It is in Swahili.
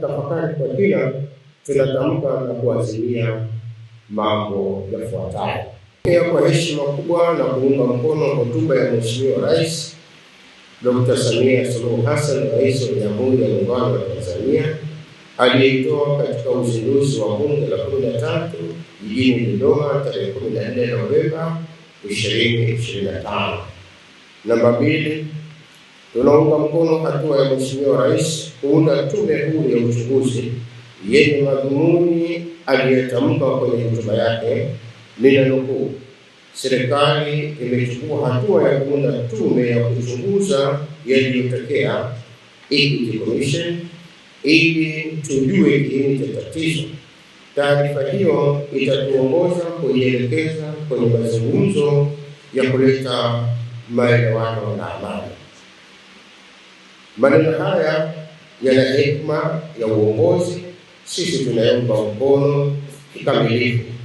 tafakari kwa kina, tunatamka na kuazimia mambo yafuatayo. Pia kwa heshima kubwa na kuunga mkono hotuba ya Mheshimiwa Rais Dr. Samia Suluhu Hassan, Rais wa Jamhuri ya Muungano wa Tanzania, aliyeitoa katika uzinduzi wa Bunge la kumi na tatu jijini Dodoma tarehe kumi na nne Novemba ishirini ishirini na tano. Namba mbili tunaunga mkono hatua ya Mheshimiwa Rais kuunda tume huru ya uchunguzi yenye madhumuni aliyotamka kwenye hotuba yake, ninanukuu: serikali imechukua hatua ya kuunda tume ya kuchunguza yaliyotokea equity commission ili tujue kiini cha tatizo. Taarifa hiyo itatuongoza kuielekeza kwenye mazungumzo ya kuleta maelewano na amani. Maneno haya yana hekima ya uongozi. Sisi tunaomba mkono kikamilifu.